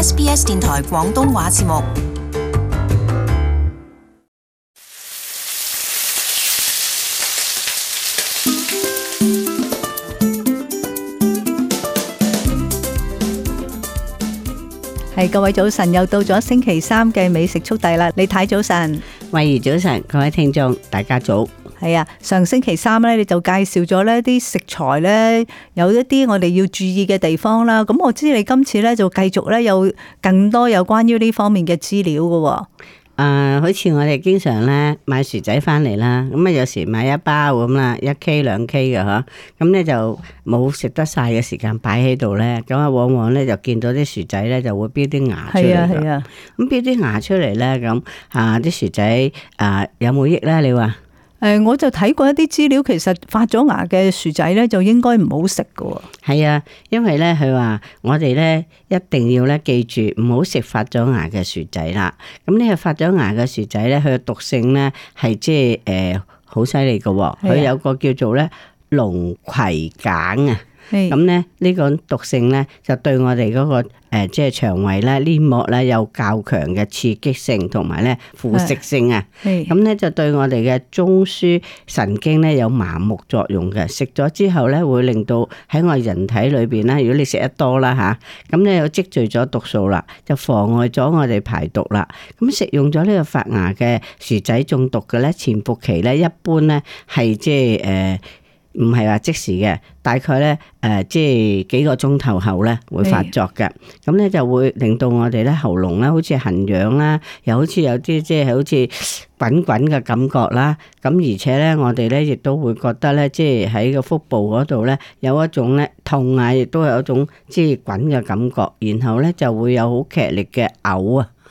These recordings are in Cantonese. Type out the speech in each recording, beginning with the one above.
SBS 電台廣東話節目，係各位早晨，又到咗星期三嘅美食速遞啦！李太早晨，慧怡早晨，各位聽眾，大家早。係啊，上星期三咧，你就介紹咗呢啲食材咧，有一啲我哋要注意嘅地方啦。咁我知你今次咧就繼續咧有更多有關於呢方面嘅資料嘅，哦。啊、呃，好似我哋經常咧買薯仔翻嚟啦，咁啊有時買一包咁啦，一 K 兩 K 嘅嗬。咁咧就冇食得晒嘅時間擺喺度咧，咁啊往往咧就見到啲薯仔咧就會飆啲芽出嚟。係啊係啊，咁飆啲芽出嚟咧，咁啊啲薯仔啊有冇益咧？你話？誒，我就睇過一啲資料，其實發咗芽嘅薯仔咧，就應該唔好食㗎喎。係啊，因為咧佢話我哋咧一定要咧記住，唔好食發咗芽嘅薯仔啦。咁呢個發咗芽嘅薯仔咧，佢嘅毒性咧係即係誒好犀利㗎喎。佢的有個叫做咧龍葵鹼啊。咁咧，呢個毒性咧，就對我哋嗰個誒，即係腸胃咧黏膜咧有較強嘅刺激性，性，同埋咧腐蝕性啊。咁咧就對我哋嘅中樞神經咧有麻木作用嘅。食咗之後咧，會令到喺我哋人體裏邊咧，如果你食得多啦吓，咁咧又積聚咗毒素啦，就妨礙咗我哋排毒啦。咁食用咗呢個發芽嘅薯仔中毒嘅咧，潛伏期咧一般咧係即係誒。呃唔係話即時嘅，大概咧誒、呃，即係幾個鐘頭後咧會發作嘅，咁咧的就會令到我哋咧喉嚨咧好似痕癢啦，又好似有啲即係好似滾滾嘅感覺啦，咁而且咧我哋咧亦都會覺得咧即係喺個腹部嗰度咧有一種咧痛啊，亦都有一種即係滾嘅感覺，然後咧就會有好劇烈嘅嘔啊。嘔噗吐啊，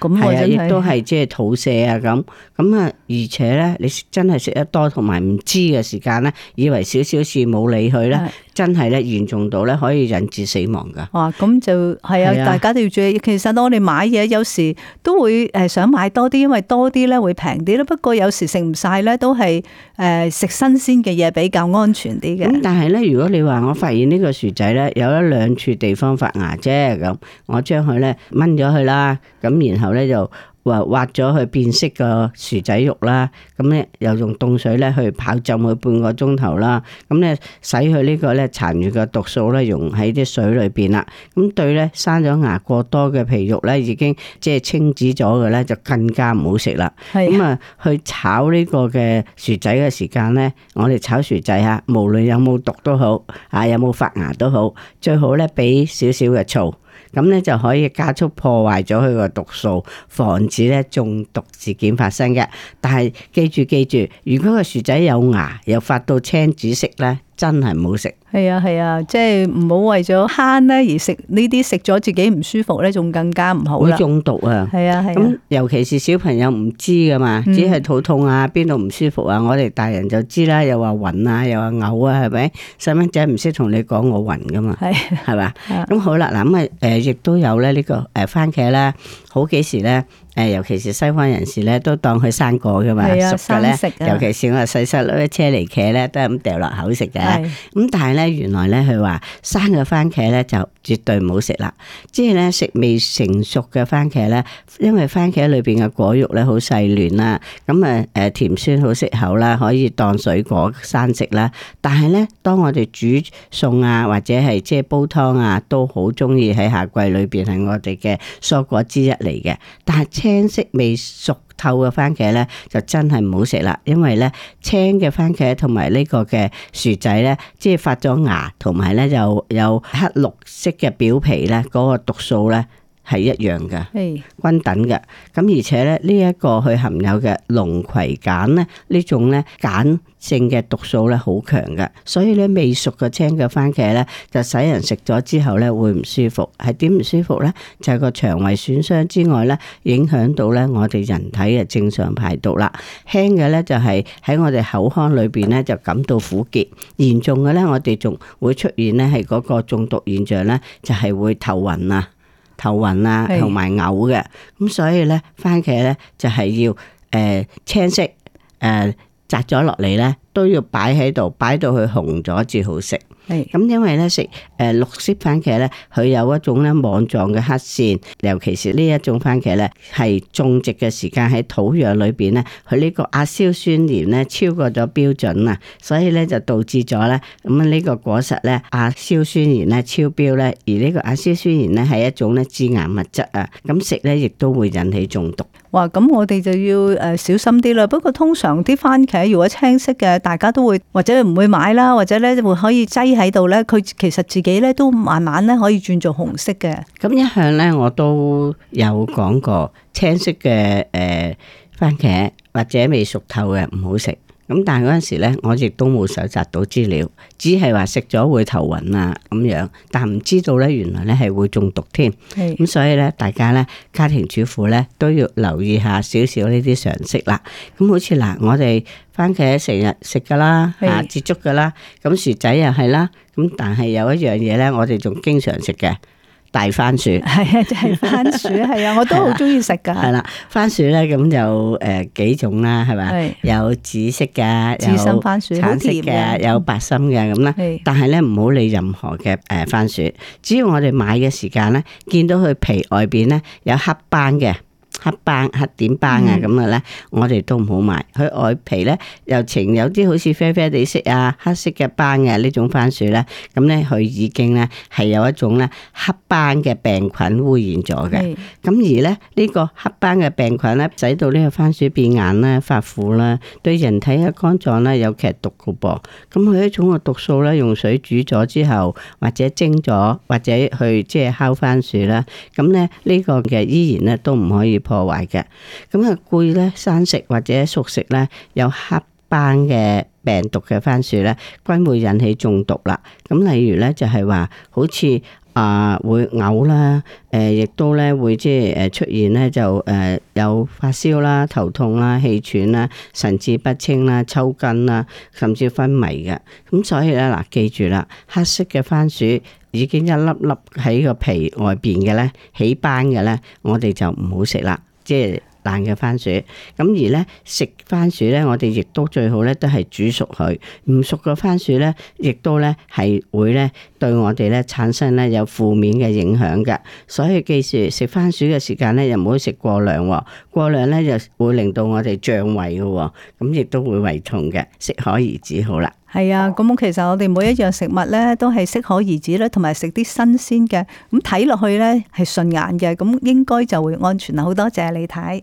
係啊，亦都係即係肚瀉啊咁。咁啊，而且咧，你真係食得多同埋唔知嘅時間咧，以為少少事冇理佢咧，是真係咧嚴重到咧可以引致死亡噶。哇，咁就係、是、啊，大家都要注意。其實我哋買嘢有時都會誒想買多啲，因為多啲咧會平啲咯。不過有時食唔晒咧，都係誒食新鮮嘅嘢比較安全啲嘅。咁、嗯、但係咧，如果你話我發現呢個薯仔咧有一兩處地方發芽啫，咁我將佢咧咗去啦，咁然後咧就挖挖咗佢變色個薯仔肉啦，咁咧又用凍水咧去跑泡浸佢半個鐘頭啦，咁咧使佢呢個咧殘餘嘅毒素咧溶喺啲水裏邊啦，咁對咧生咗芽過多嘅皮肉咧已經即係清洗咗嘅咧就更加唔好食啦。咁啊的去炒呢個嘅薯仔嘅時間咧，我哋炒薯仔啊，無論有冇毒都好，啊有冇發芽都好，最好咧俾少少嘅醋。咁呢就可以加速破壞咗佢個毒素，防止呢中毒事件發生嘅。但係記住，記住，如果個薯仔有牙，有發到青紫色呢。真係唔好食。係啊係啊，即係唔好為咗慳咧而食呢啲食咗自己唔舒服咧，仲更加唔好啦。會中毒啊！係啊係。咁、啊、尤其是小朋友唔知噶嘛，只係肚痛啊，邊度唔舒服啊，嗯、我哋大人就知啦，又話暈啊，又話嘔啊，係咪？細蚊仔唔識同你講我暈噶嘛，係嘛？咁好啦，嗱咁啊，誒、啊，亦、嗯呃、都有咧呢、這個誒、呃、番茄咧，好幾時咧。誒，尤其是西方人士咧，都當佢生果噶嘛的熟嘅咧。食啊、尤其是我細細粒啲車厘茄咧，都係咁掉落口食嘅。咁是的 但係咧，原來咧佢話生嘅番茄咧就絕對唔好食啦。即係咧食未成熟嘅番茄咧，因為番茄裏邊嘅果肉咧好細嫩啦。咁啊誒甜酸好適口啦，可以當水果生食啦。但係咧，當我哋煮餸啊，或者係即係煲湯啊，都好中意喺夏季裏邊係我哋嘅蔬果之一嚟嘅。但係，青色未熟透嘅番茄咧，就真係唔好食啦，因為咧青嘅番茄同埋呢個嘅薯仔咧，即係發咗芽，同埋咧有呢有，有黑綠色嘅表皮咧，嗰個毒素咧。係一樣嘅，是均等嘅。咁而且咧，呢一個佢含有嘅龍葵鹼咧，呢種咧鹼性嘅毒素咧，好強嘅。所以咧，未熟嘅青嘅番茄咧，就使人食咗之後咧會唔舒服。係點唔舒服咧？就係個腸胃損傷之外咧，影響到咧我哋人體嘅正常排毒啦。輕嘅咧就係喺我哋口腔裏邊咧就感到苦澀，嚴重嘅咧我哋仲會出現咧係嗰個中毒現象咧，就係會頭暈啊。頭暈啊，同埋嘔嘅，咁所以咧，番茄咧就係、是、要誒、呃、青色誒、呃、摘咗落嚟咧，都要擺喺度，擺到佢紅咗至好食。係咁，是因為咧食誒綠色番茄咧，佢有一種咧網狀嘅黑線，尤其是呢一種番茄咧，係種植嘅時間喺土壤裏邊咧，佢呢個亞硝酸鹽咧超過咗標準啊，所以咧就導致咗咧咁呢個果實咧亞硝酸鹽咧超標咧，而呢個亞硝酸鹽咧係一種咧致癌物質啊，咁食咧亦都會引起中毒。哇，咁我哋就要誒小心啲啦。不過通常啲番茄如果青色嘅，大家都會或者唔會買啦，或者咧會，會可以擠。喺度咧，佢其實自己咧都慢慢咧可以轉做紅色嘅。咁一向咧，我都有講過，青色嘅誒番茄或者未熟透嘅唔好食。咁但係嗰陣時咧，我亦都冇搜集到資料，只係話食咗會頭暈啊咁樣，但唔知道咧，原來咧係會中毒添。咁是所以咧，大家咧家庭主婦咧都要留意下少少呢啲常識、嗯、啦。咁好似嗱，我哋番茄成日食噶啦，吓接觸噶啦，咁薯仔又係啦，咁但係有一樣嘢咧，我哋仲經常食嘅。大番薯係 啊，就係番薯係啊，我都好中意食噶。係啦、 啊，番薯咧咁就誒幾種啦，係咪？是有紫色嘅，番薯有橙色嘅，有白心嘅咁啦。但係咧唔好理任何嘅誒番薯，是只要我哋買嘅時間咧，見到佢皮外邊咧有黑斑嘅。黑斑、黑點斑啊咁嘅咧，我哋都唔好買。佢外皮咧又呈有啲好似啡啡地色啊、黑色嘅斑嘅呢種番薯咧，咁咧佢已經咧係有一種咧黑斑嘅病菌污染咗嘅。咁是而咧呢、這個黑斑嘅病菌咧，使到呢個番薯變硬啦、發苦啦，對人體嘅肝臟咧有劇毒噶噃。咁佢一種嘅毒素咧，用水煮咗之後，或者蒸咗，或者去即係烤番薯啦，咁咧呢、這個嘅依然咧都唔可以，破壞嘅，咁、嗯、啊，攰咧生食或者熟食咧有黑斑嘅病毒嘅番薯咧，均會引起中毒啦。咁、嗯、例如咧，就係、是、話好似。啊、呃，會嘔啦，誒、呃，亦都咧會即係誒出現咧就誒有、呃、發燒啦、頭痛啦、氣喘啦、神志不清啦、抽筋啦，甚至昏迷嘅。咁所以咧嗱，記住啦，黑色嘅番薯已經一粒粒喺個皮外邊嘅咧起斑嘅咧，我哋就唔好食啦，即係爛嘅番薯。咁而咧食番薯咧，我哋亦都最好咧都係煮熟佢，唔熟嘅番薯咧，亦都咧係會咧。對我哋咧產生咧有負面嘅影響嘅，所以記住食番薯嘅時間咧又唔好食過量，過量咧就會令到我哋脹胃嘅，咁亦都會胃痛嘅，適可而止好啦。係啊，咁其實我哋每一樣食物咧都係適可而止啦，同埋食啲新鮮嘅，咁睇落去咧係順眼嘅，咁應該就會安全啦。好多謝你睇。